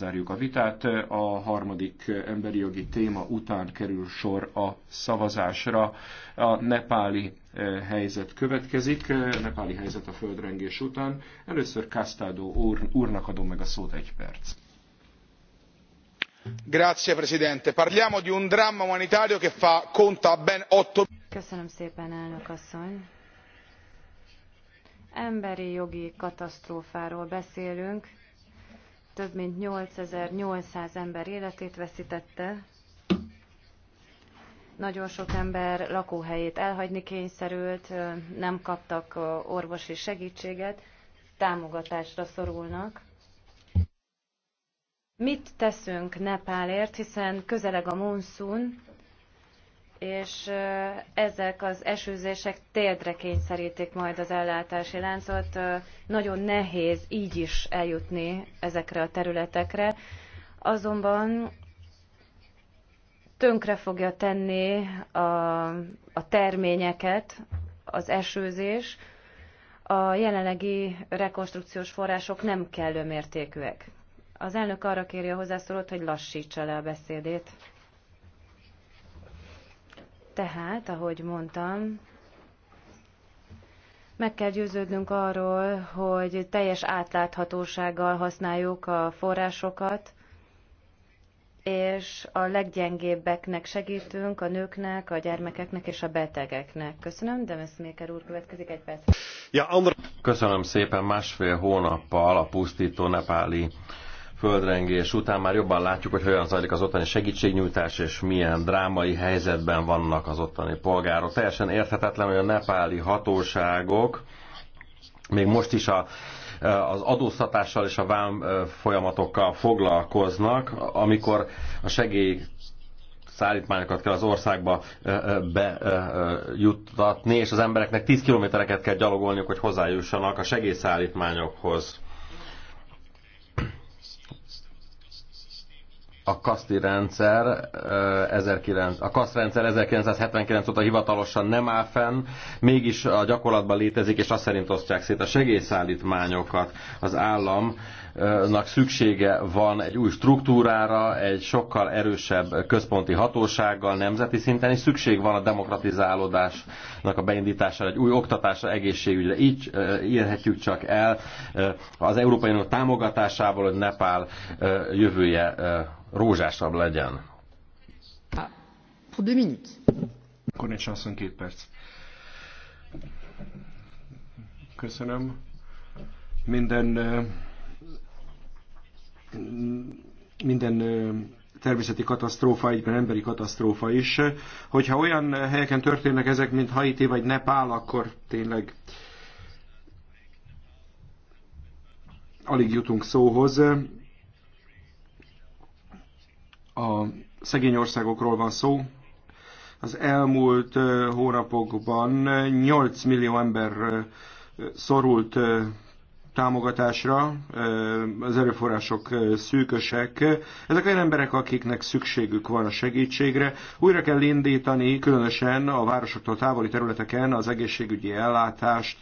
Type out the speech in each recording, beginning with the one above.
zárjuk a vitát. A harmadik emberi jogi téma után kerül sor a szavazásra. A nepáli eh, helyzet következik, a eh, nepáli helyzet a földrengés után. Először Kastádó úr, úrnak adom meg a szót egy perc. Grazie Presidente. Parliamo di un dramma umanitario che fa conta ben 8... Köszönöm szépen, elnök asszony. Emberi jogi katasztrófáról beszélünk, több mint 8800 ember életét veszítette, nagyon sok ember lakóhelyét elhagyni kényszerült, nem kaptak orvosi segítséget, támogatásra szorulnak. Mit teszünk Nepálért, hiszen közeleg a monszun, és ezek az esőzések téldre kényszerítik majd az ellátási láncot. Nagyon nehéz így is eljutni ezekre a területekre, azonban tönkre fogja tenni a, a terményeket az esőzés, a jelenlegi rekonstrukciós források nem kellő mértékűek. Az elnök arra kéri a hozzászólót, hogy lassítsa le a beszédét. Tehát, ahogy mondtam, meg kell győződnünk arról, hogy teljes átláthatósággal használjuk a forrásokat, és a leggyengébbeknek segítünk, a nőknek, a gyermekeknek és a betegeknek. Köszönöm, de Méker úr következik egy perc. Ja, Andr- Köszönöm szépen, másfél hónappal a pusztító nepáli földrengés után már jobban látjuk, hogy hogyan zajlik az ottani segítségnyújtás, és milyen drámai helyzetben vannak az ottani polgárok. Teljesen érthetetlen, hogy a nepáli hatóságok még most is a az adóztatással és a vám folyamatokkal foglalkoznak, amikor a segély szállítmányokat kell az országba bejuttatni, és az embereknek 10 kilométereket kell gyalogolniuk, hogy hozzájussanak a segélyszállítmányokhoz a kaszti rendszer, a kaszt rendszer 1979 óta hivatalosan nem áll fenn, mégis a gyakorlatban létezik, és azt szerint osztják szét a segélyszállítmányokat. Az államnak szüksége van egy új struktúrára, egy sokkal erősebb központi hatósággal, nemzeti szinten, és szükség van a demokratizálódásnak a beindítására, egy új oktatásra, egészségügyre. Így érhetjük csak el az Európai Unió támogatásából, hogy Nepál jövője rózsásabb legyen. Ah, pour deux minutes. két perc. Köszönöm. Minden minden természeti katasztrófa, egyben emberi katasztrófa is. Hogyha olyan helyeken történnek ezek, mint Haiti vagy Nepál, akkor tényleg alig jutunk szóhoz a szegény országokról van szó. Az elmúlt hónapokban 8 millió ember szorult támogatásra, az erőforrások szűkösek. Ezek olyan emberek, akiknek szükségük van a segítségre. Újra kell indítani, különösen a városoktól távoli területeken az egészségügyi ellátást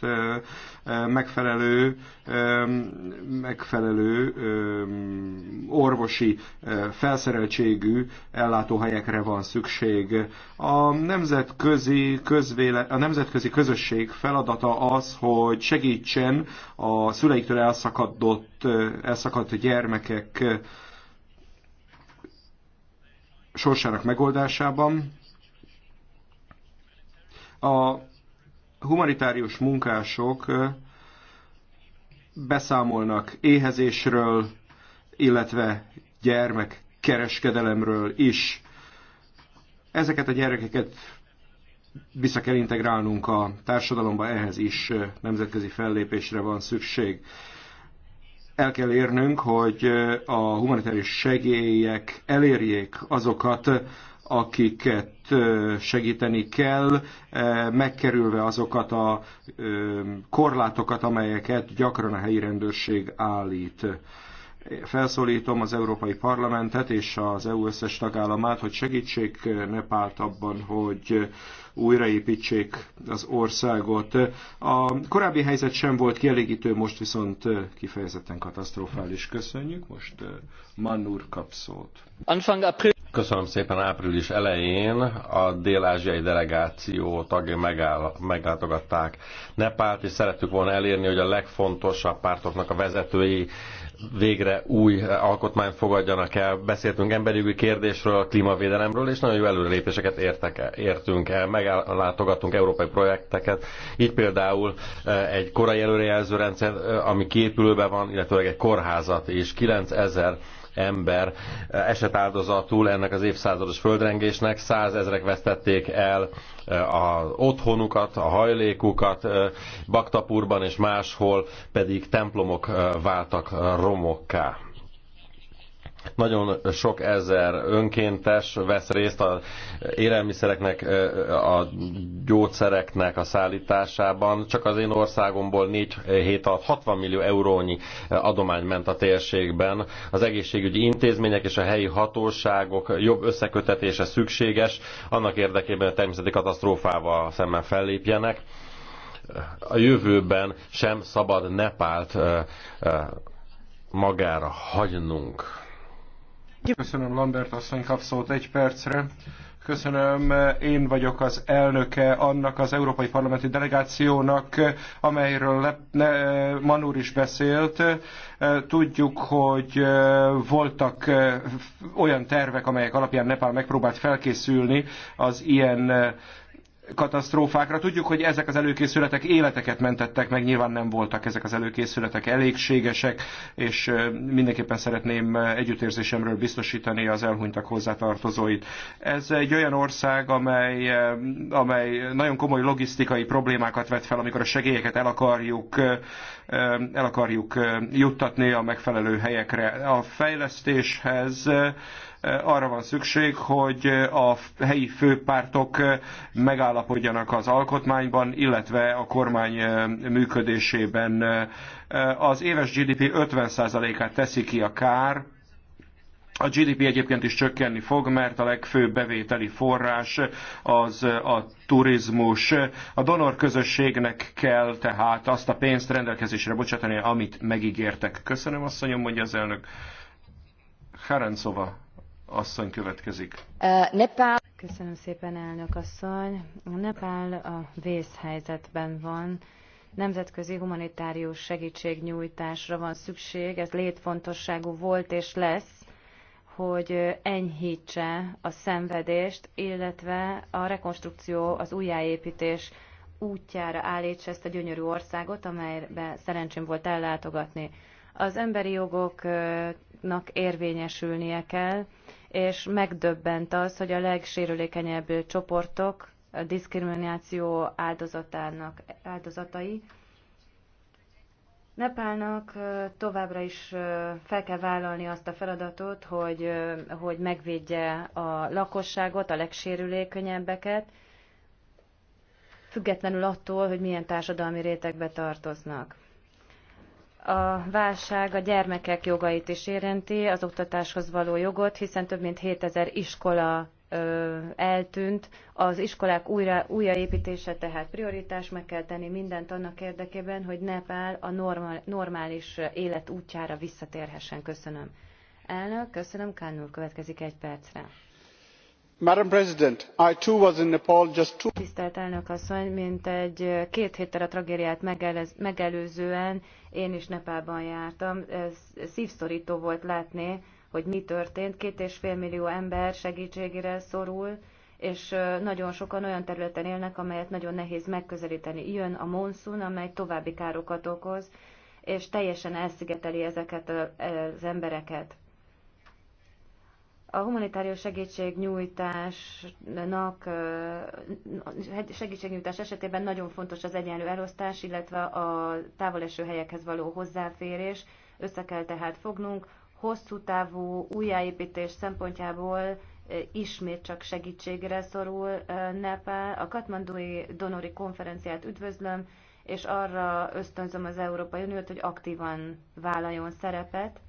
megfelelő, megfelelő orvosi felszereltségű ellátóhelyekre van szükség. A nemzetközi, közvéle, a nemzetközi közösség feladata az, hogy segítsen a szüleiktől elszakadott, elszakadt gyermekek sorsának megoldásában. A humanitárius munkások beszámolnak éhezésről, illetve gyermekkereskedelemről is. Ezeket a gyerekeket vissza kell integrálnunk a társadalomba, ehhez is nemzetközi fellépésre van szükség. El kell érnünk, hogy a humanitárius segélyek elérjék azokat, akiket segíteni kell, megkerülve azokat a korlátokat, amelyeket gyakran a helyi rendőrség állít Felszólítom az Európai Parlamentet és az EU összes tagállamát, hogy segítsék Nepált abban, hogy újraépítsék az országot. A korábbi helyzet sem volt kielégítő, most viszont kifejezetten katasztrofális. Köszönjük. Most eh, Manur kap szót. Köszönöm szépen április elején a dél-ázsiai delegáció tagjai meglátogatták Nepált, és szerettük volna elérni, hogy a legfontosabb pártoknak a vezetői végre új alkotmányt fogadjanak el. Beszéltünk emberjogi kérdésről, klímavédelemről, és nagyon jó előrelépéseket értek el, értünk el. Meglátogattunk európai projekteket, így például e, egy korai előrejelző rendszer, e, ami képülőben van, illetőleg egy kórházat és 9000 ember esett áldozatul ennek az évszázados földrengésnek, százezrek vesztették el eh, az otthonukat, a hajlékukat, eh, Baktapurban és máshol pedig templomok eh, váltak romokká. Nagyon sok ezer önkéntes vesz részt a élelmiszereknek, a gyógyszereknek a szállításában. Csak az én országomból 4 hét alatt 60 millió eurónyi adomány ment a térségben. Az egészségügyi intézmények és a helyi hatóságok jobb összekötetése szükséges, annak érdekében a természeti katasztrófával szemben fellépjenek a jövőben sem szabad Nepált magára hagynunk. Köszönöm Lambert asszony kap szót egy percre. Köszönöm, én vagyok az elnöke annak az Európai Parlamenti Delegációnak, amelyről Manúr is beszélt. Tudjuk, hogy eh, voltak eh, olyan tervek, amelyek alapján Nepál megpróbált felkészülni az ilyen eh, katasztrófákra. Tudjuk, hogy ezek az előkészületek életeket mentettek meg, nyilván nem voltak ezek az előkészületek elégségesek, és mindenképpen szeretném együttérzésemről biztosítani az elhunytak hozzátartozóit. Ez egy olyan ország, amely, amely nagyon komoly logisztikai problémákat vet fel, amikor a segélyeket el akarjuk, el akarjuk juttatni a megfelelő helyekre. A fejlesztéshez arra van szükség, hogy a helyi főpártok megállapodjanak az alkotmányban, illetve a kormány működésében. Az éves GDP 50%-át teszi ki a kár, a GDP egyébként is csökkenni fog, mert a legfőbb bevételi forrás az a turizmus. A donor közösségnek kell tehát azt a pénzt rendelkezésre bocsátani, amit megígértek. Köszönöm, asszonyom, mondja az elnök. Harencova asszony következik. Nepál. Köszönöm szépen, elnök asszony. Nepál a vészhelyzetben van. Nemzetközi humanitárius segítségnyújtásra van szükség, ez létfontosságú volt és lesz, hogy enyhítse a szenvedést, illetve a rekonstrukció, az újjáépítés útjára állítsa ezt a gyönyörű országot, amelybe szerencsém volt ellátogatni. Az emberi jogoknak érvényesülnie kell, és megdöbbent az, hogy a legsérülékenyebb csoportok a diszkrimináció áldozatának áldozatai. Nepálnak továbbra is fel kell vállalni azt a feladatot, hogy, hogy megvédje a lakosságot, a legsérülékenyebbeket, függetlenül attól, hogy milyen társadalmi rétegbe tartoznak a válság a gyermekek jogait is érinti, az oktatáshoz való jogot, hiszen több mint 7000 iskola ö, eltűnt. Az iskolák újra, újraépítése tehát prioritás, meg kell tenni mindent annak érdekében, hogy Nepál a normál, normális élet útjára visszatérhessen. Köszönöm. Elnök, köszönöm, Kánul következik egy percre tisztelt elnök asszony mintegy két héttel a tragédiát megelőzően én is nepálban jártam. szvszortó volt látni hogy mi történt két és fél millió ember segtségére szorul és nagyon sokan olyan területen élnek amelyet nagyon nehéz megközelíteni. jön a monszun amely további károkat okoz és teljesen elszigeteli ezeket az embereket a humanitárius segítségnyújtásnak, segítségnyújtás esetében nagyon fontos az egyenlő elosztás, illetve a távoleső helyekhez való hozzáférés. Össze kell tehát fognunk, hosszú távú újjáépítés szempontjából ismét csak segítségre szorul Nepál. A katmandói donori konferenciát üdvözlöm, és arra ösztönzöm az Európai Uniót, hogy aktívan vállaljon szerepet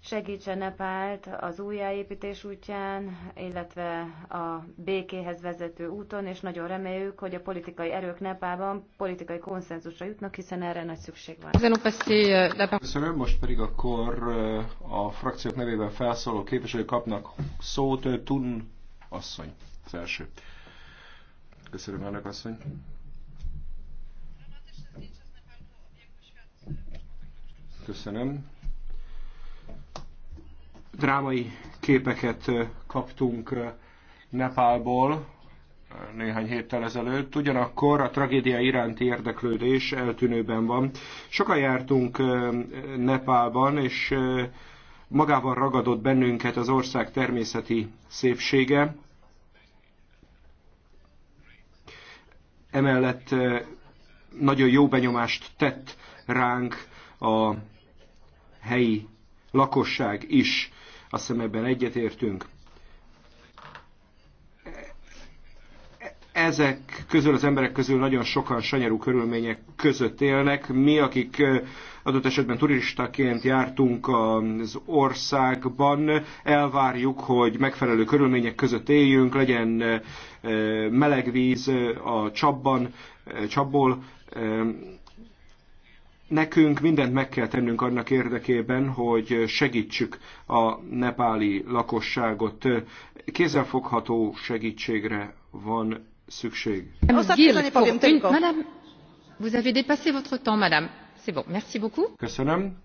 segítse Nepált az újjáépítés útján, illetve a békéhez vezető úton, és nagyon reméljük, hogy a politikai erők Nepában politikai konszenzusra jutnak, hiszen erre nagy szükség van. Euh, Köszönöm, most pedig akkor euh, a frakciók nevében felszóló képviselők kapnak szót, euh, Tun asszony, az első. Köszönöm, elnök asszony. Köszönöm drámai képeket kaptunk Nepálból néhány héttel ezelőtt, ugyanakkor a tragédia iránti érdeklődés eltűnőben van. Sokan jártunk Nepálban, és magában ragadott bennünket az ország természeti szépsége. Emellett nagyon jó benyomást tett ránk a helyi lakosság is. Azt hiszem ebben egyetértünk. Ezek közül, az emberek közül nagyon sokan sanyarú körülmények között élnek. Mi, akik adott esetben turistaként jártunk az országban, elvárjuk, hogy megfelelő körülmények között éljünk, legyen meleg víz a csapban, csapból, Nekünk mindent meg kell tennünk annak érdekében, hogy segítsük a nepáli lakosságot. Kézzelfogható segítségre van szükség. Vous avez dépassé votre temps, madame. C'est bon, merci beaucoup. Köszönöm.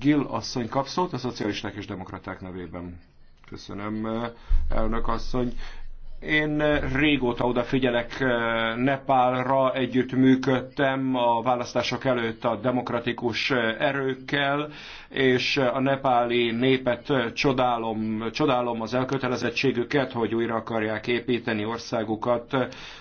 Gil asszony kap szót a szocialisták és demokraták nevében. Köszönöm, elnök asszony. Én eh, régóta odafigyelek eh, Nepálra, együtt működtem a választások előtt a demokratikus eh, erőkkel, és a nepáli népet csodálom, csodálom az elkötelezettségüket, hogy újra akarják építeni országukat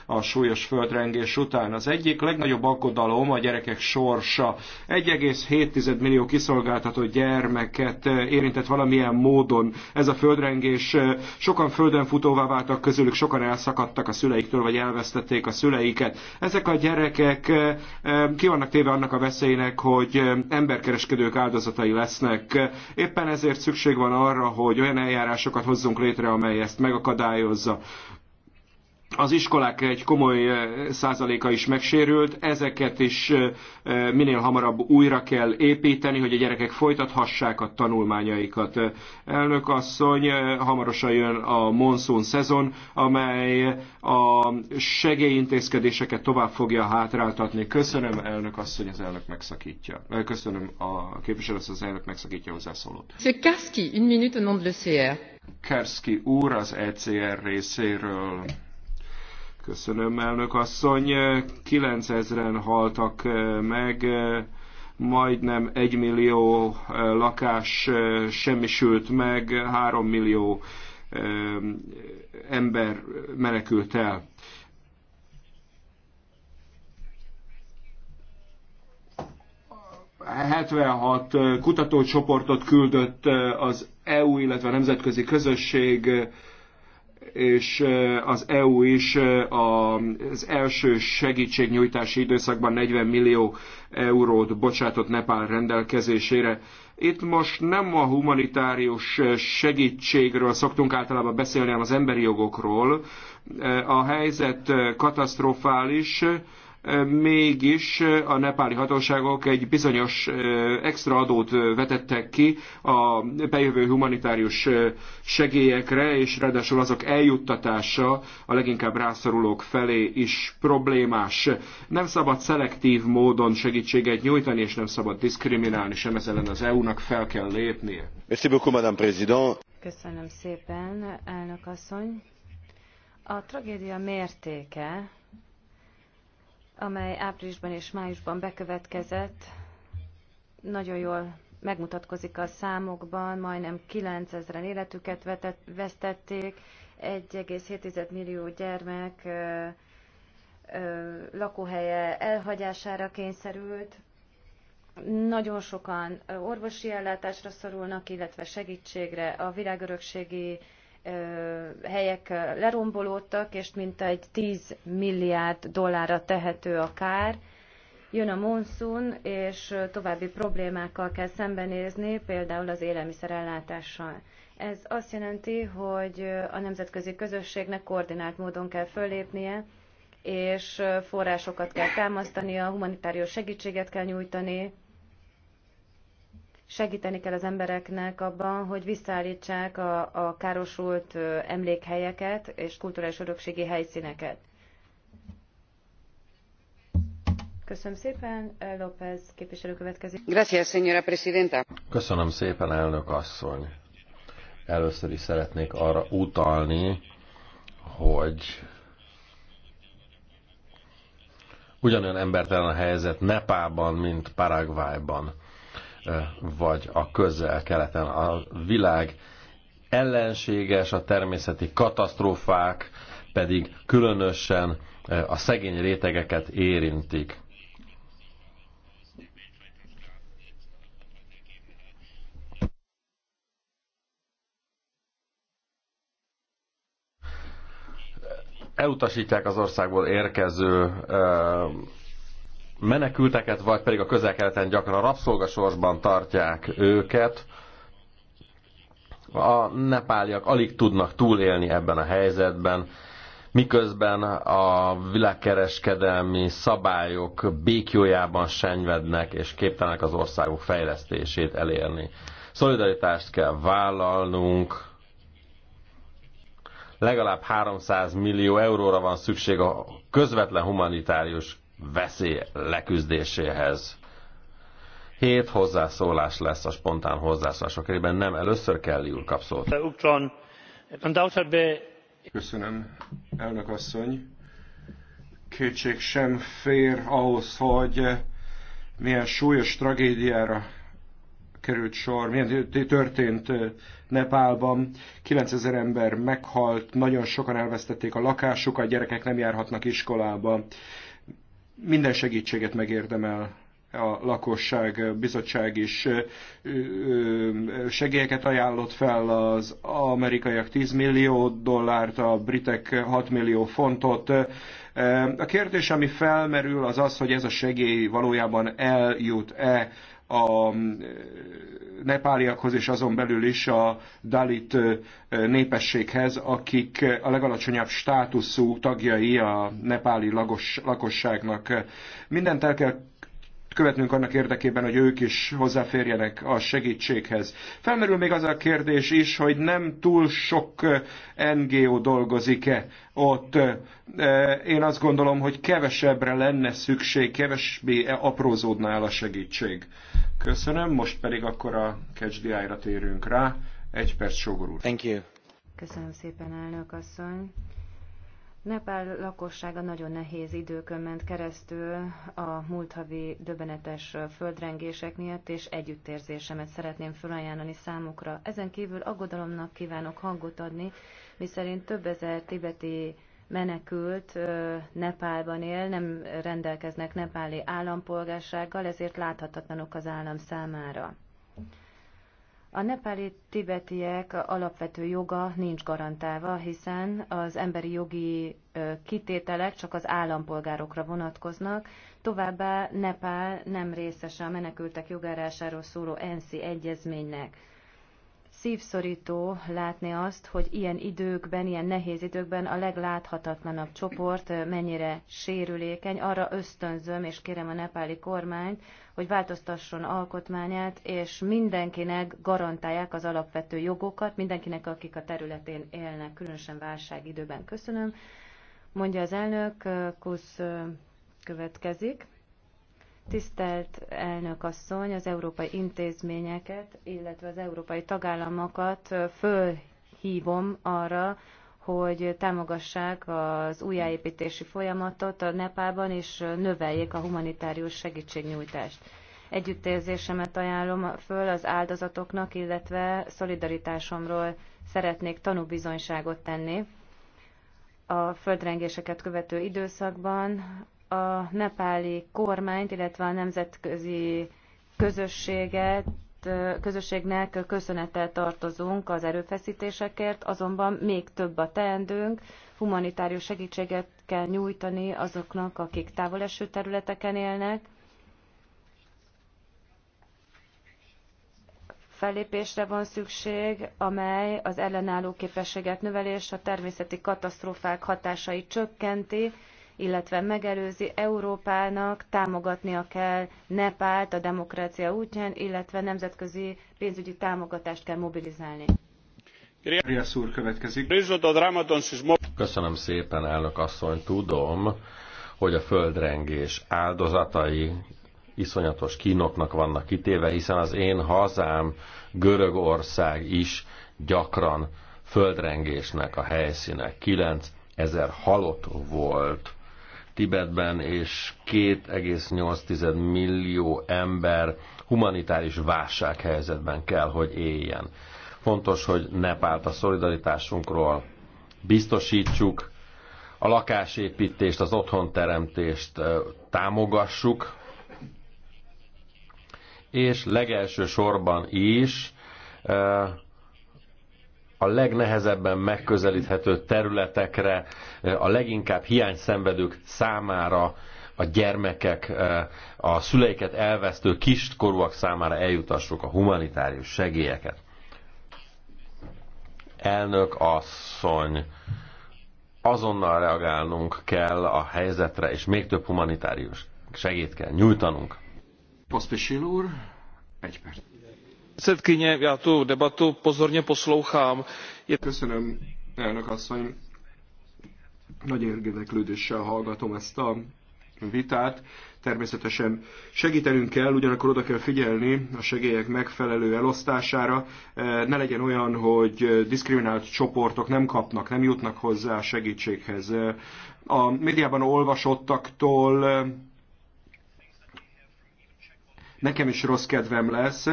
a súlyos földrengés után. Az egyik legnagyobb aggodalom a gyerekek sorsa. 1,7 millió kiszolgáltatott gyermeket érintett valamilyen módon ez a földrengés. Sokan földön futóvá váltak közülük közülük sokan elszakadtak a szüleiktől, vagy elvesztették a szüleiket. Ezek a gyerekek eh, eh, ki vannak téve annak a veszélynek, hogy eh, emberkereskedők áldozatai lesznek. Éppen ezért szükség van arra, hogy olyan eljárásokat hozzunk létre, amely ezt megakadályozza az iskolák egy komoly százaléka is megsérült, ezeket is minél hamarabb újra kell építeni, hogy a gyerekek folytathassák a tanulmányaikat. Elnök asszony, hamarosan jön a monszun szezon, amely a segélyintézkedéseket tovább fogja hátráltatni. Köszönöm, elnök asszony, az elnök megszakítja. Köszönöm a képviselő, az elnök megszakítja hozzászólót. Karski, úr az ECR részéről. Köszönöm, elnök asszony. 9000-en haltak eh, meg, eh, majdnem 1 millió eh, lakás semmisült meg, 3 millió ember menekült el. A 76 kutatócsoportot küldött az EU, illetve a nemzetközi közösség és az EU is az első segítségnyújtási időszakban 40 millió eurót bocsátott Nepál rendelkezésére. Itt most nem a humanitárius segítségről szoktunk általában beszélni, hanem az emberi jogokról. A helyzet katasztrofális, mégis a nepáli hatóságok egy bizonyos extra adót vetettek ki a bejövő humanitárius segélyekre, és ráadásul azok eljuttatása a leginkább rászorulók felé is problémás. Nem szabad szelektív módon segítséget nyújtani, és nem szabad diszkriminálni sem ez ellen az EU-nak fel kell lépnie. Köszönöm szépen, elnök asszony. A tragédia mértéke amely áprilisban és májusban bekövetkezett, nagyon jól megmutatkozik a számokban, majdnem 9000-en életüket vetett, vesztették, 1,7 millió gyermek ö, ö, lakóhelye elhagyására kényszerült, nagyon sokan orvosi ellátásra szorulnak, illetve segítségre a világörökségi helyek lerombolódtak, és mintegy 10 milliárd dollárra tehető a kár. Jön a monszun, és további problémákkal kell szembenézni, például az élelmiszerellátással. Ez azt jelenti, hogy a nemzetközi közösségnek koordinált módon kell föllépnie, és forrásokat kell támasztani, a humanitárius segítséget kell nyújtani, segíteni kell az embereknek abban, hogy visszaállítsák a, a károsult emlékhelyeket és kulturális örökségi helyszíneket. Köszönöm szépen, López képviselő következik. Gracias, señora presidenta. Köszönöm szépen, elnök asszony. Először is szeretnék arra utalni, hogy ugyanolyan embertelen a helyzet Nepában, mint Paraguayban vagy a közel-keleten. A világ ellenséges, a természeti katasztrófák pedig különösen a szegény rétegeket érintik. Elutasítják az országból érkező menekülteket, vagy pedig a közel-keleten gyakran rabszolgasorsban tartják őket. A nepáliak alig tudnak túlélni ebben a helyzetben, miközben a világkereskedelmi szabályok békjójában senyvednek, és képtelenek az országok fejlesztését elérni. Szolidaritást kell vállalnunk, legalább 300 millió euróra van szükség a közvetlen humanitárius veszély leküzdéséhez. Hét hozzászólás lesz a spontán hozzászólások körében. Nem, először kell úr kap szót. Köszönöm, elnök asszony. Kétség sem fér ahhoz, hogy milyen súlyos tragédiára került sor, milyen történt Nepálban. 9000 ember meghalt, nagyon sokan elvesztették a lakásukat, gyerekek nem járhatnak iskolába minden segítséget megérdemel a lakosság bizottság is segélyeket ajánlott fel az amerikaiak 10 millió dollárt, a britek 6 millió fontot. A kérdés, ami felmerül, az az, hogy ez a segély valójában eljut-e a nepáliakhoz és azon belül is a dalit népességhez, akik a legalacsonyabb státuszú tagjai a nepáli lakosságnak. Mindent el kell követnünk annak érdekében, hogy ők is hozzáférjenek a segítséghez. Felmerül még az a kérdés is, hogy nem túl sok eh, NGO dolgozik-e ott. Eh, én azt gondolom, hogy kevesebbre lenne szükség, kevesbé aprózódna el a segítség. Köszönöm, most pedig akkor a Catch the Eye-ra térünk rá. Egy perc, Sógor úr. Thank you. Köszönöm szépen, elnök asszony. Nepál lakossága nagyon nehéz időkön ment keresztül a múlt havi döbbenetes földrengések miatt, és együttérzésemet szeretném felajánlani számukra. Ezen kívül aggodalomnak kívánok hangot adni, miszerint több ezer tibeti menekült Nepálban él, nem rendelkeznek nepáli állampolgársággal, ezért láthatatlanok az állam számára. A nepáli tibetiek alapvető joga nincs garantálva, hiszen az emberi jogi kitételek csak az állampolgárokra vonatkoznak, továbbá Nepál nem részese a menekültek jogárásáról szóló ENSZI egyezménynek szívszorító látni azt, hogy ilyen időkben, ilyen nehéz időkben a legláthatatlanabb csoport mennyire sérülékeny. Arra ösztönzöm és kérem a nepáli kormányt, hogy változtasson alkotmányát, és mindenkinek garantálják az alapvető jogokat, mindenkinek, akik a területén élnek, különösen válságidőben. időben. Köszönöm. Mondja az elnök, Kusz következik. Tisztelt elnök asszony, az európai intézményeket, illetve az európai tagállamokat fölhívom arra, hogy támogassák az újjáépítési folyamatot a Nepában, és növeljék a humanitárius segítségnyújtást. Együttérzésemet ajánlom föl az áldozatoknak, illetve szolidaritásomról szeretnék tanúbizonyságot tenni a földrengéseket követő időszakban a nepáli kormányt, illetve a nemzetközi közösséget, közösségnek köszönettel tartozunk az erőfeszítésekért, azonban még több a teendőnk, humanitárius segítséget kell nyújtani azoknak, akik távoleső területeken élnek, fellépésre van szükség, amely az ellenálló képességet növelés, a természeti katasztrófák hatásait csökkenti, illetve megelőzi Európának támogatnia kell Nepált a demokrácia útján, illetve nemzetközi pénzügyi támogatást kell mobilizálni. Köszönöm szépen, elnök asszony. Tudom, hogy a földrengés áldozatai iszonyatos kínoknak vannak kitéve, hiszen az én hazám Görögország is gyakran földrengésnek a helyszíne. 9 ezer halott volt Tibetben, és 2,8 millió ember humanitáris válsághelyzetben kell, hogy éljen. Fontos, hogy Nepált a szolidaritásunkról biztosítsuk, a lakásépítést, az otthonteremtést támogassuk, és legelső sorban is a legnehezebben megközelíthető területekre, a leginkább hiány szenvedők számára, a gyermekek, eh, a szüleiket elvesztő kiskorúak számára eljutassuk a humanitárius segélyeket. Elnök asszony, azonnal reagálnunk kell a helyzetre, és még több humanitárius segít kell nyújtanunk. Poszpesil úr, egy perc předsedkyně já tu debatu pozorně poslouchám. Nagy érdeklődéssel hallgatom ezt a vitát. Természetesen segítenünk kell, ugyanakkor oda kell figyelni a segélyek megfelelő elosztására. Eh, ne legyen olyan, hogy diszkriminált csoportok nem kapnak, nem jutnak hozzá a segítséghez. Eh, a médiában olvasottaktól eh, Nekem is rossz kedvem lesz.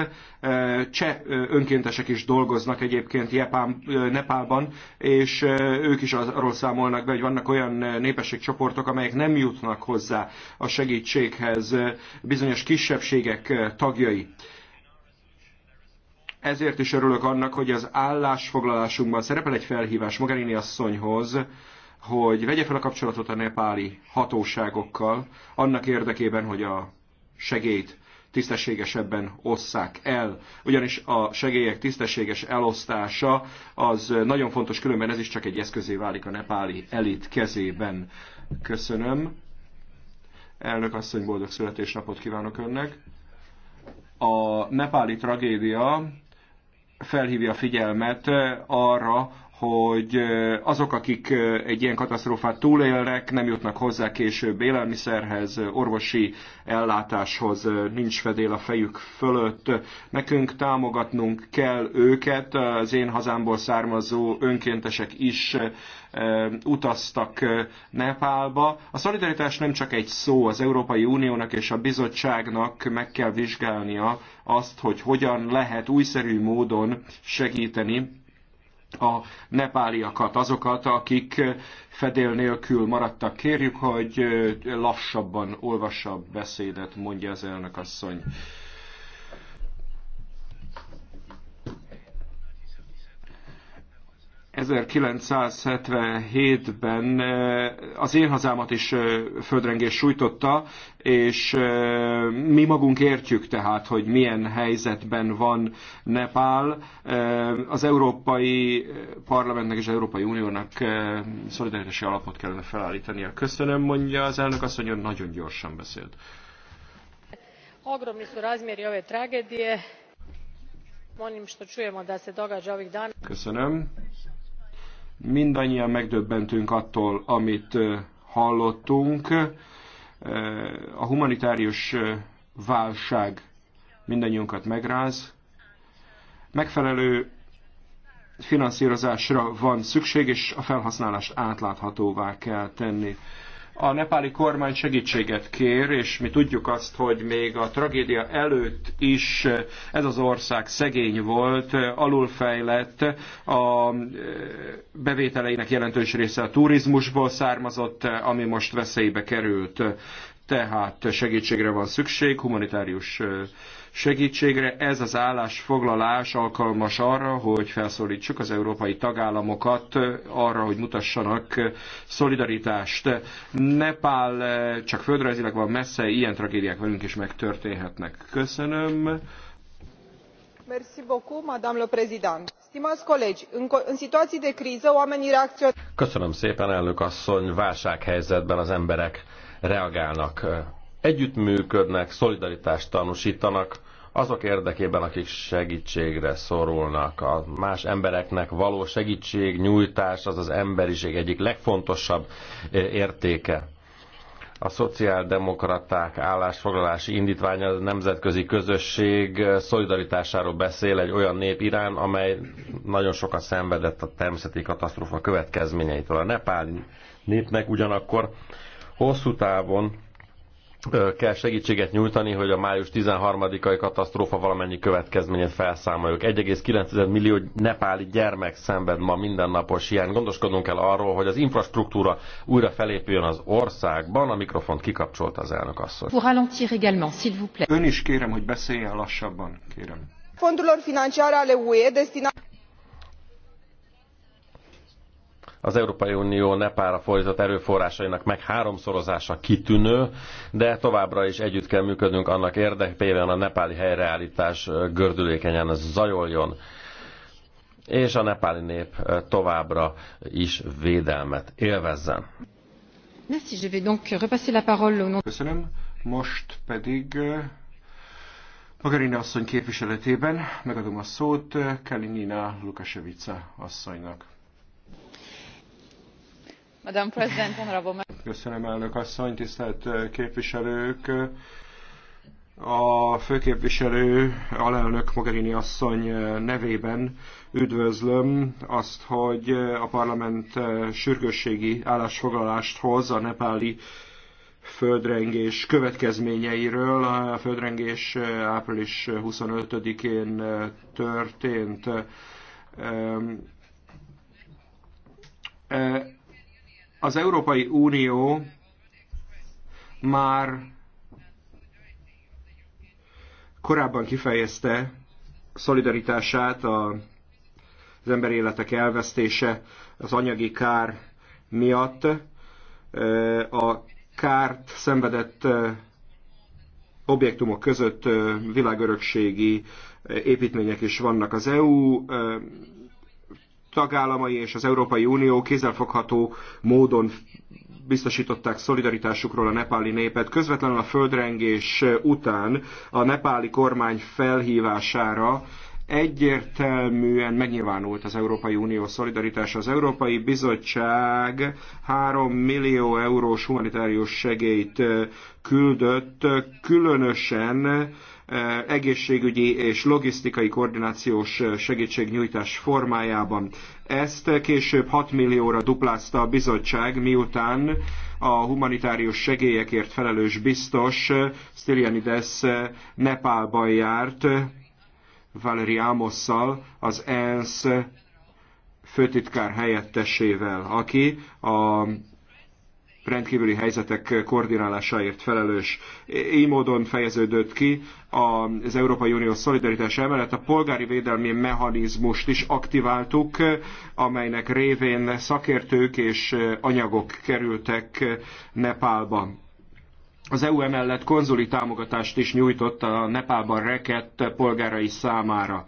Cseh önkéntesek is dolgoznak egyébként Japán, Nepálban, és ők is arról számolnak be, hogy vannak olyan népességcsoportok, amelyek nem jutnak hozzá a segítséghez bizonyos kisebbségek tagjai. Ezért is örülök annak, hogy az állásfoglalásunkban szerepel egy felhívás Mogherini asszonyhoz, hogy vegye fel a kapcsolatot a nepáli hatóságokkal, annak érdekében, hogy a segélyt tisztességesebben osszák el. Ugyanis a segélyek tisztességes elosztása az nagyon fontos, különben ez is csak egy eszközé válik a nepáli elit kezében. Köszönöm. Elnök asszony, boldog születésnapot kívánok önnek. A nepáli tragédia felhívja figyelmet arra, hogy azok, akik egy ilyen katasztrófát túlélnek, nem jutnak hozzá később élelmiszerhez, orvosi ellátáshoz, nincs fedél a fejük fölött. Nekünk támogatnunk kell őket, az én hazámból származó önkéntesek is utaztak Nepálba. A szolidaritás nem csak egy szó, az Európai Uniónak és a bizottságnak meg kell vizsgálnia azt, hogy hogyan lehet újszerű módon segíteni a nepáliakat, azokat, akik fedél nélkül maradtak. Kérjük, hogy lassabban olvassa a beszédet, mondja az elnök asszony. 1977-ben az én hazámat is földrengés sújtotta, és mi magunk értjük tehát, hogy milyen helyzetben van Nepál. Az Európai Parlamentnek és az Európai Uniónak szolidaritási alapot kellene felállítania. Köszönöm, mondja az elnök azt, hogy nagyon gyorsan beszélt. se Köszönöm Mindannyian megdöbbentünk attól, amit hallottunk. A humanitárius válság mindannyiunkat megráz. Megfelelő finanszírozásra van szükség, és a felhasználást átláthatóvá kell tenni a nepáli kormány segítséget kér, és mi tudjuk azt, hogy még a tragédia előtt is ez az ország szegény volt, alulfejlett, a e, bevételeinek jelentős része a turizmusból származott, ami most veszélybe került. Tehát segítségre van szükség, humanitárius e, segítségre. Ez az állásfoglalás alkalmas arra, hogy felszólítsuk az európai tagállamokat arra, hogy mutassanak szolidaritást. Nepál csak földrajzilag van messze, ilyen tragédiák velünk is megtörténhetnek. Köszönöm în situații de criză oamenii reacționează. Köszönöm szépen, elnök asszony. Válsághelyzetben az emberek reagálnak együttműködnek, szolidaritást tanúsítanak azok érdekében, akik segítségre szorulnak. A más embereknek való nyújtás, az az emberiség egyik legfontosabb eh, értéke a szociáldemokraták állásfoglalási indítványa a nemzetközi közösség eh, szolidaritásáról beszél egy olyan nép irán, amely nagyon sokat szenvedett a természeti katasztrófa következményeitől. A nepáli népnek ugyanakkor hosszú távon kell segítséget nyújtani, hogy a május 13-ai katasztrófa valamennyi következményét felszámoljuk. 1,9 millió nepáli gyermek szenved ma mindennapos ilyen. Gondoskodnunk kell arról, hogy az infrastruktúra újra felépüljön az országban. A mikrofont kikapcsolt az elnök asszony. Ön is kérem, hogy beszéljen lassabban, kérem. ale UE az Európai Unió Nepára fordított erőforrásainak meg háromszorozása kitűnő, de továbbra is együtt kell működnünk annak érdekében, a nepáli helyreállítás gördülékenyen zajoljon és a nepáli nép továbbra is védelmet élvezzen. Köszönöm. Most pedig eh, Magarina asszony képviseletében megadom a szót eh, Kalinina Lukasevica asszonynak. Köszönöm, elnök asszony, tisztelt eh, képviselők! A főképviselő, alelnök Mogherini asszony eh, nevében üdvözlöm azt, hogy eh, a parlament sürgősségi állásfoglalást hoz a nepáli földrengés következményeiről. A földrengés április 25-én történt. Az Európai Unió már korábban kifejezte szolidaritását a, az emberi életek elvesztése, az anyagi kár miatt. A kárt szenvedett objektumok között világörökségi építmények is vannak. Az EU tagállamai és az Európai Unió kézzelfogható módon biztosították szolidaritásukról a nepáli népet. Közvetlenül a földrengés után a nepáli kormány felhívására egyértelműen megnyilvánult az Európai Unió szolidaritása. Az Európai Bizottság 3 millió eurós humanitárius segélyt küldött, különösen egészségügyi és logisztikai koordinációs segítségnyújtás formájában. Ezt később 6 millióra duplázta a bizottság, miután a humanitárius segélyekért felelős biztos Stylianides Nepálban járt Valeri Ámosszal, az ENSZ főtitkár helyettesével, aki a rendkívüli helyzetek koordinálásáért felelős. Így módon fejeződött ki az Európai Unió szolidaritás emellett a polgári védelmi mechanizmust is aktiváltuk, amelynek révén szakértők és anyagok kerültek Nepálba. Az EU emellett konzuli támogatást is nyújtott a Nepálban rekett polgárai számára.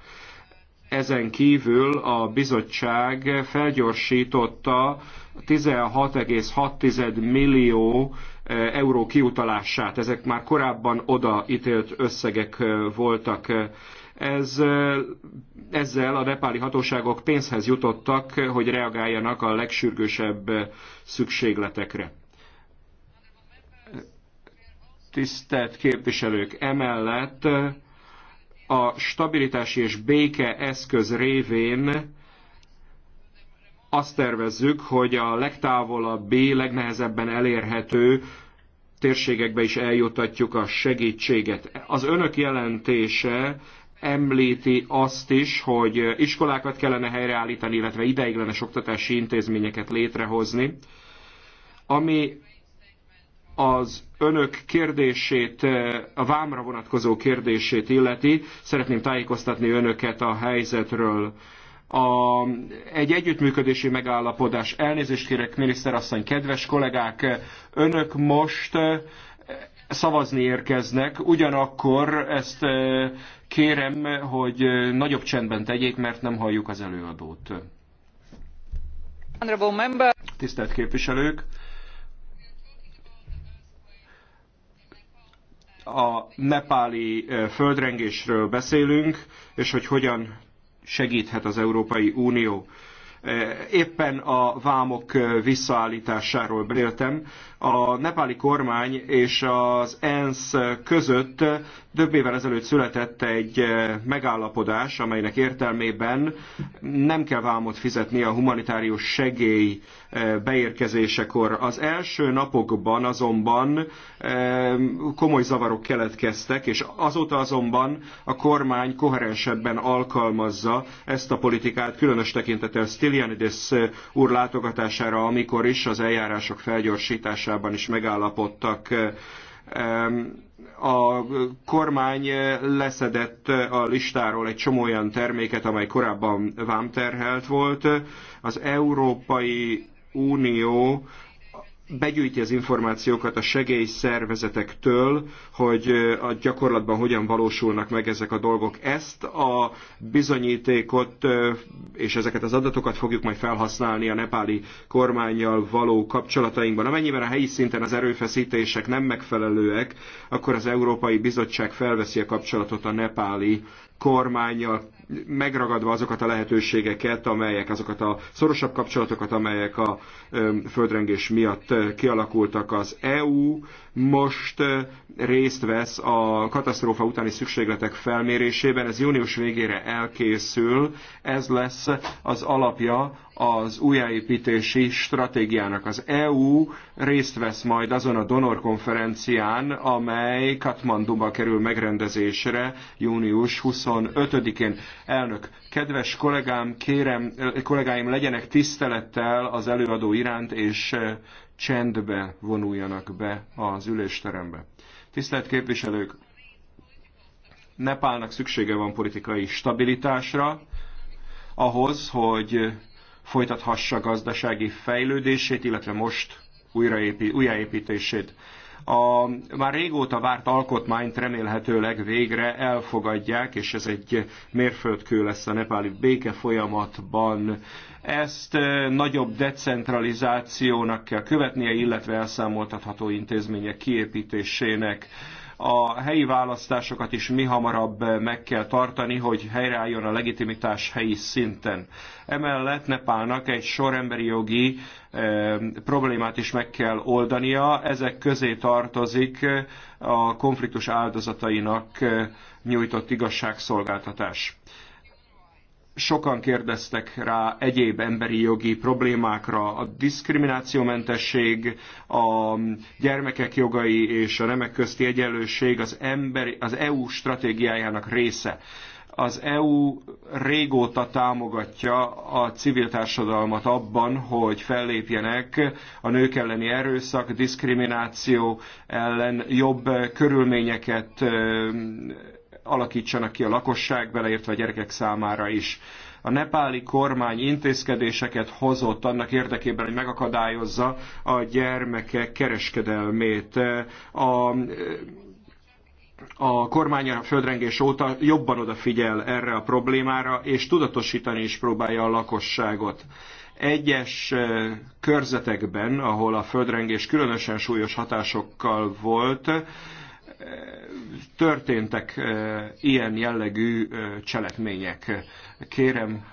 Ezen kívül a bizottság felgyorsította 16,6 millió eh, euró kiutalását. Ezek már korábban odaítélt összegek eh, voltak. Ez, eh, ezzel a nepáli hatóságok pénzhez jutottak, hogy reagáljanak a legsürgősebb szükségletekre. Tisztelt képviselők, emellett a stabilitási és béke eszköz révén azt tervezzük, hogy a legtávolabbi, legnehezebben elérhető térségekbe is eljutatjuk a segítséget. Az önök jelentése említi azt is, hogy iskolákat kellene helyreállítani, illetve ideiglenes oktatási intézményeket létrehozni, ami az önök kérdését, a vámra vonatkozó kérdését illeti. Szeretném tájékoztatni önöket a helyzetről a, egy együttműködési megállapodás. Elnézést kérek, miniszterasszony, kedves kollégák, önök most eh, szavazni érkeznek, ugyanakkor ezt eh, kérem, hogy eh, nagyobb csendben tegyék, mert nem halljuk az előadót. Tisztelt képviselők! A nepáli földrengésről beszélünk, és hogy hogyan segíthet az Európai Unió. Eh, éppen a vámok eh, visszaállításáról beszéltem. A nepáli kormány és az ENSZ között több évvel ezelőtt született egy eh, megállapodás, amelynek értelmében nem kell vámot fizetni a humanitárius segély beérkezésekor. Az első napokban azonban komoly zavarok keletkeztek, és azóta azonban a kormány koherensebben alkalmazza ezt a politikát, különös tekintettel Stylianides eh, úr látogatására, amikor is az eljárások felgyorsításában is megállapodtak a kormány eh, leszedett eh, a listáról egy csomó olyan terméket, amely korábban vámterhelt volt. Az Európai Unió begyűjti az információkat a segélyszervezetektől, hogy a gyakorlatban hogyan valósulnak meg ezek a dolgok. Ezt a bizonyítékot és ezeket az adatokat fogjuk majd felhasználni a nepáli kormányjal való kapcsolatainkban. Amennyiben a helyi szinten az erőfeszítések nem megfelelőek, akkor az Európai Bizottság felveszi a kapcsolatot a nepáli kormányjal megragadva azokat a lehetőségeket, amelyek azokat a szorosabb kapcsolatokat, amelyek a földrengés miatt kialakultak az EU most eh, részt vesz a katasztrófa utáni szükségletek felmérésében. Ez június végére elkészül. Ez lesz az alapja az újjáépítési stratégiának. Az EU részt vesz majd azon a donor konferencián, amely Katmanduba kerül megrendezésre június 25-én. Elnök, kedves kollégám, kérem, eh, kollégáim, legyenek tisztelettel az előadó iránt, és eh, csendbe vonuljanak be az ülésterembe. Tisztelt képviselők, Nepálnak szüksége van politikai stabilitásra, ahhoz, hogy folytathassa gazdasági fejlődését, illetve most újraépi, újjáépítését a már régóta várt alkotmányt remélhetőleg végre elfogadják, és ez egy mérföldkő lesz a nepáli béke folyamatban. Ezt nagyobb decentralizációnak kell követnie, illetve elszámoltatható intézmények kiépítésének a helyi választásokat is mi hamarabb meg kell tartani, hogy helyreálljon a legitimitás helyi szinten. Emellett Nepálnak egy sor emberi jogi problémát is meg kell oldania. Ezek közé tartozik eh, a konfliktus áldozatainak eh, nyújtott igazságszolgáltatás sokan kérdeztek rá egyéb emberi jogi problémákra, a diszkriminációmentesség, a gyermekek jogai és a nemek közti egyenlőség az, emberi, az EU stratégiájának része. Az EU régóta támogatja a civil társadalmat abban, hogy fellépjenek a nők elleni erőszak, diszkrimináció ellen jobb körülményeket alakítsanak ki a lakosság, beleértve a gyerekek számára is a nepáli kormány intézkedéseket hozott annak érdekében, hogy megakadályozza a gyermekek kereskedelmét. A a kormány a földrengés óta jobban odafigyel erre a problémára, és tudatosítani is próbálja a lakosságot. Egyes eh, körzetekben, ahol a földrengés különösen súlyos hatásokkal volt, eh, történtek eh, ilyen jellegű cselekmények. Kérem,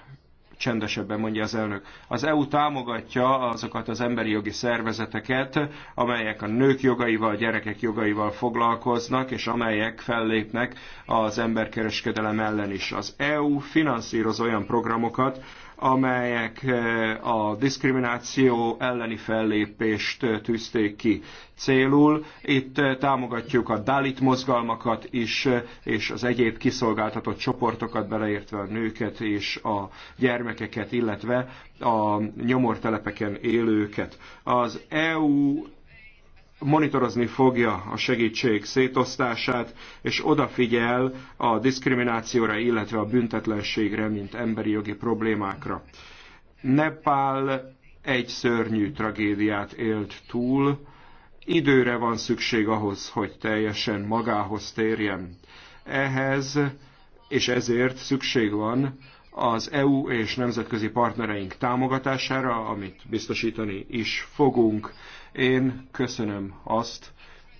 csendesebben mondja az elnök. Az EU támogatja azokat az emberi jogi szervezeteket, amelyek a nők jogaival, gyerekek jogaival foglalkoznak, és amelyek fellépnek az emberkereskedelem ellen is. Az EU finanszíroz olyan programokat, amelyek eh, a diszkrimináció elleni fellépést eh, tűzték ki célul. Itt eh, támogatjuk a Dalit mozgalmakat is, és az egyéb kiszolgáltatott csoportokat, beleértve a nőket és a gyermekeket, illetve a nyomortelepeken élőket. Az EU monitorozni fogja a segítség szétosztását, és odafigyel a diszkriminációra, illetve a büntetlenségre, mint emberi jogi problémákra. Nepál egy szörnyű tragédiát élt túl, időre van szükség ahhoz, hogy teljesen magához térjen. Ehhez és ezért szükség van az EU és nemzetközi partnereink támogatására, amit biztosítani is fogunk. Én köszönöm azt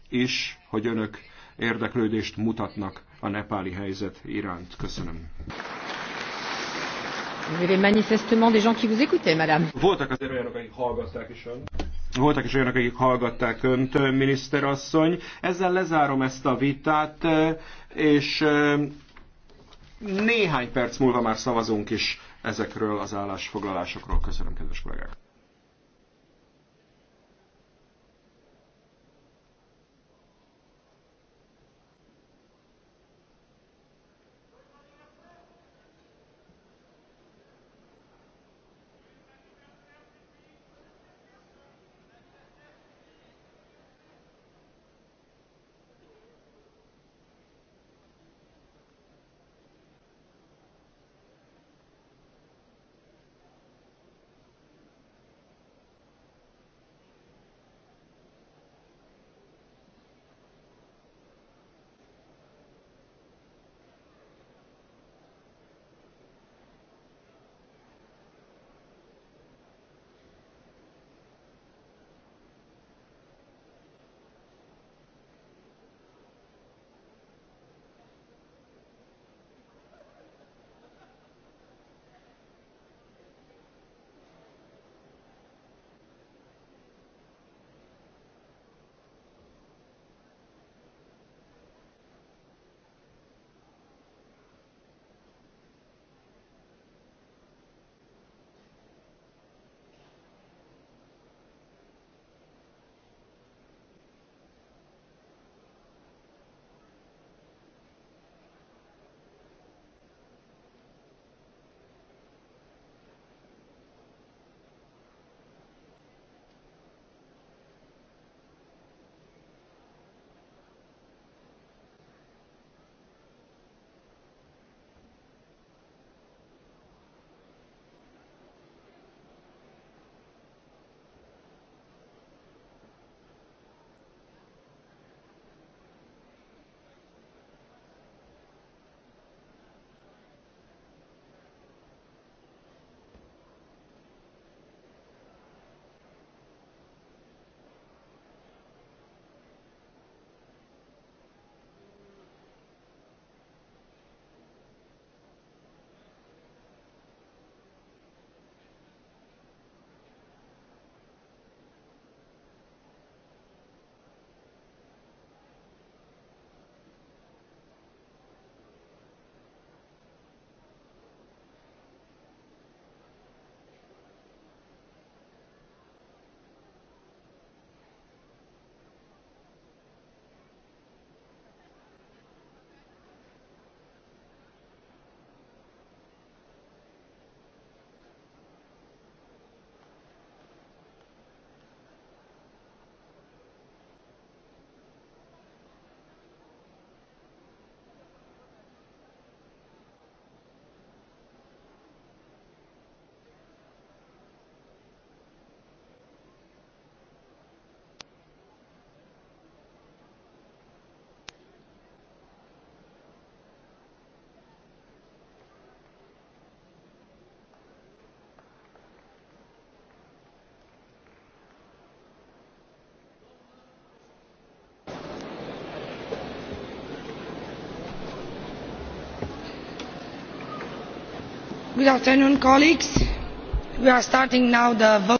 is, hogy önök érdeklődést mutatnak a nepáli helyzet iránt. Köszönöm. Voltak azért olyanok, akik hallgatták is ön. Voltak is olyanok, akik hallgatták önt, miniszterasszony. Ezzel lezárom ezt a vitát, és néhány perc múlva már szavazunk is ezekről az állásfoglalásokról. Köszönöm, kedves kollégák!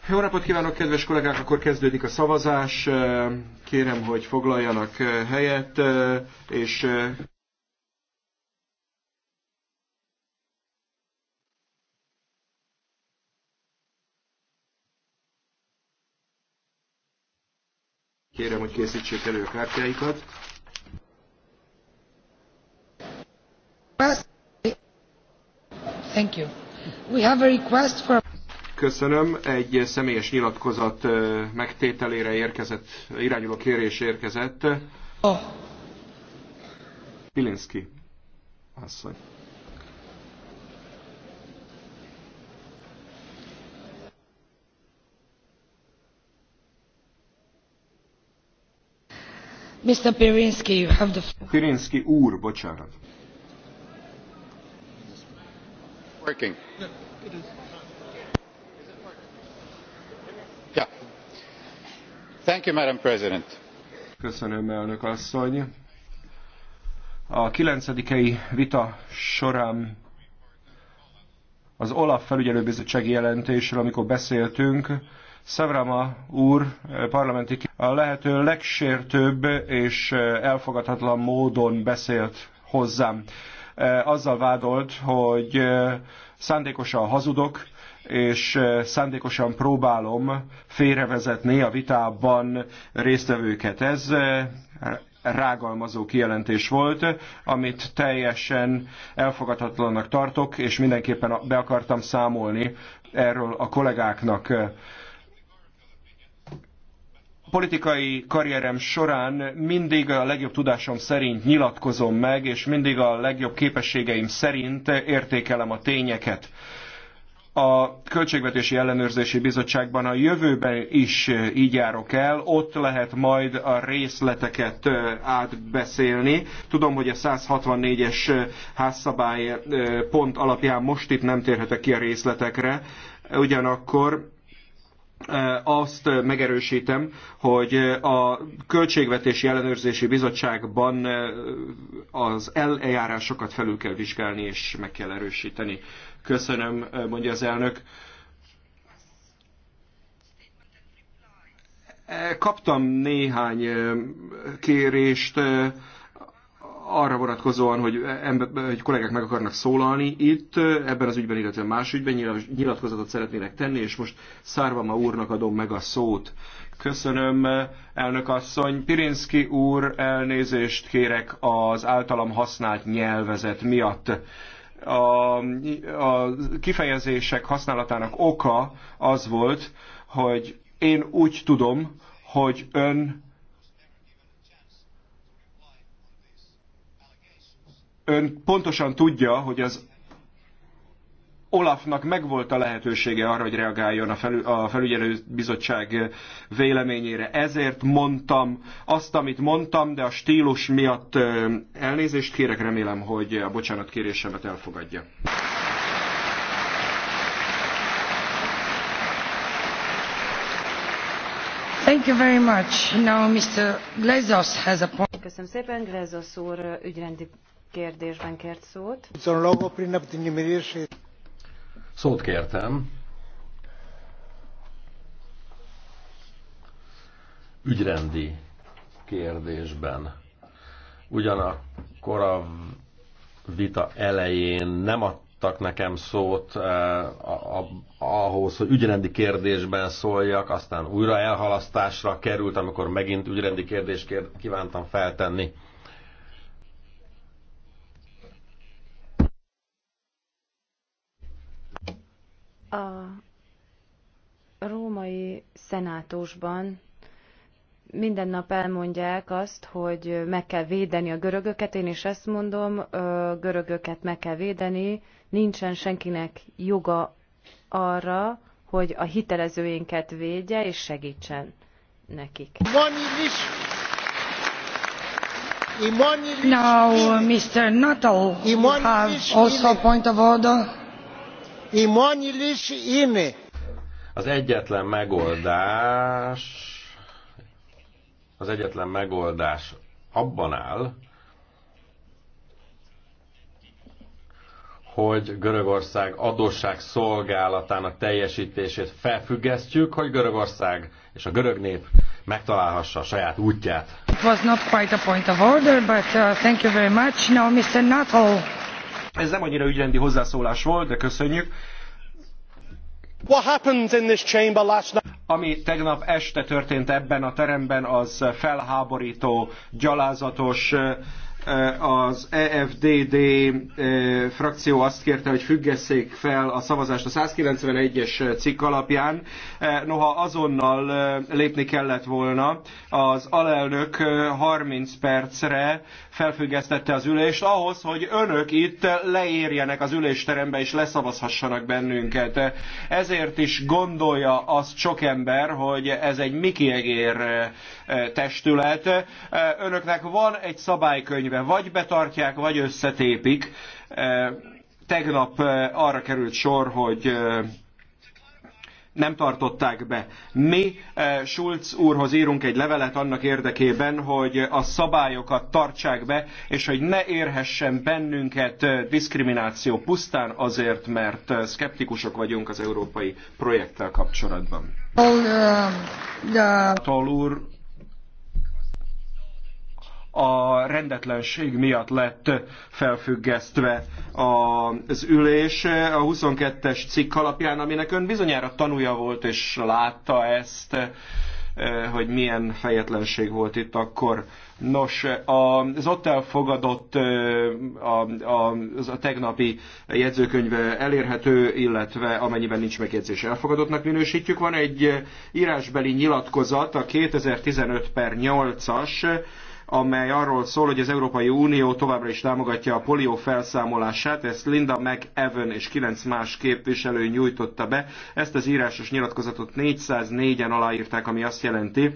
Jó napot kívánok, kedves kollégák! Akkor kezdődik a szavazás. Kérem, hogy foglaljanak eh, helyet, eh, és eh, kérem, hogy készítsék elő a kártyáikat. Best. Thank you. We have a request for... Köszönöm. Egy személyes nyilatkozat megtételére érkezett, irányuló kérés érkezett. Oh. Pilinszki asszony. Mr. Pirinski, you have the... floor. Pirinski úr, bocsánat. working. Thank you, Madam President. Köszönöm, elnök asszony. A kilencedikei vita során az Olaf felügyelőbizottsági jelentésről, amikor beszéltünk, Szavrama úr eh, parlamenti a lehető legsértőbb és eh, elfogadhatatlan módon beszélt hozzám azzal vádolt, hogy szándékosan hazudok, és szándékosan próbálom félrevezetni a vitában résztvevőket. Ez rágalmazó kijelentés volt, amit teljesen elfogadhatatlannak tartok, és mindenképpen be akartam számolni erről a kollégáknak politikai karrierem során mindig a legjobb tudásom szerint nyilatkozom meg, és mindig a legjobb képességeim szerint értékelem a tényeket a Költségvetési Ellenőrzési Bizottságban a jövőben is így járok el, ott lehet majd a részleteket átbeszélni. Tudom, hogy a 164-es házszabály pont alapján most itt nem térhetek ki a részletekre, ugyanakkor azt megerősítem, hogy a Költségvetési Ellenőrzési Bizottságban az eljárásokat felül kell vizsgálni és meg kell erősíteni. Köszönöm, mondja az elnök. Kaptam néhány kérést arra vonatkozóan, hogy, ember, hogy kollégák meg akarnak szólalni itt, ebben az ügyben, illetve más ügyben nyilatkozatot szeretnének tenni, és most Szárvama úrnak adom meg a szót. Köszönöm, elnök asszony. Pirinski úr, elnézést kérek az általam használt nyelvezet miatt. A, a kifejezések használatának oka az volt, hogy én úgy tudom, hogy ön ön pontosan tudja, hogy az Olafnak megvolt a lehetősége arra, hogy reagáljon a, felü- a felügyelőbizottság véleményére. Ezért mondtam azt, amit mondtam, de a stílus miatt elnézést kérek, remélem, hogy a bocsánat kérésemet elfogadja. Thank you very much. Now Mr. Glezos has a point. Köszönöm szépen, Glezos úr ügyrendi kérdésben kért szót. Szót kértem. Ügyrendi kérdésben. Ugyanakkor a vita elején nem adtak nekem szót eh, a, ahhoz, hogy ügyrendi kérdésben szóljak, aztán újra elhalasztásra került, amikor megint ügyrendi kérdést kívántam feltenni. A római szenátusban minden nap elmondják azt, hogy meg kell védeni a görögöket. Én is ezt mondom, görögöket meg kell védeni. Nincsen senkinek joga arra, hogy a hitelezőinket védje és segítsen nekik. Now, Mr. Nuttall, you have also point of order. Az egyetlen megoldás, az egyetlen megoldás abban áll, hogy Görögország adósság szolgálatának teljesítését felfüggesztjük, hogy Görögország és a görög nép megtalálhassa a saját útját. It was not quite a point of order, but uh, thank you very much. Now, Mr. Nuttall. Ez nem annyira ügyrendi hozzászólás volt, de köszönjük. What happened in this chamber last night? Ami tegnap este történt ebben a teremben, az felháborító, gyalázatos, Eh, az EFDD eh, frakció azt kérte, hogy függesszék fel a szavazást a 191-es eh, cikk alapján. Noha azonnal lépni kellett volna, az alelnök 30 percre felfüggesztette az ülést ahhoz, hogy önök itt leérjenek az ülésterembe és leszavazhassanak bennünket. Ezért is gondolja az sok ember, hogy ez egy Egér testület. Önöknek van egy szabálykönyv valamiben. Vagy betartják, vagy összetépik. Tegnap arra került sor, hogy nem tartották be. Mi Schulz úrhoz írunk egy levelet annak érdekében, hogy a szabályokat tartsák be, és hogy ne érhessen bennünket diszkrimináció pusztán azért, mert szkeptikusok vagyunk az európai projekttel kapcsolatban. Tol úr a rendetlenség miatt lett felfüggesztve az ülés a 22-es cikk alapján, aminek ön bizonyára tanúja volt és látta ezt, hogy milyen fejetlenség volt itt akkor. Nos, az ott elfogadott a, a, a tegnapi jegyzőkönyve elérhető, illetve amennyiben nincs megjegyzés elfogadottnak minősítjük. Van egy írásbeli nyilatkozat, a 2015 per 8-as amely arról szól, hogy az Európai Unió továbbra is támogatja a polió felszámolását. Ezt Linda McEwan és kilenc más képviselő nyújtotta be. Ezt az írásos nyilatkozatot 404-en aláírták, ami azt jelenti,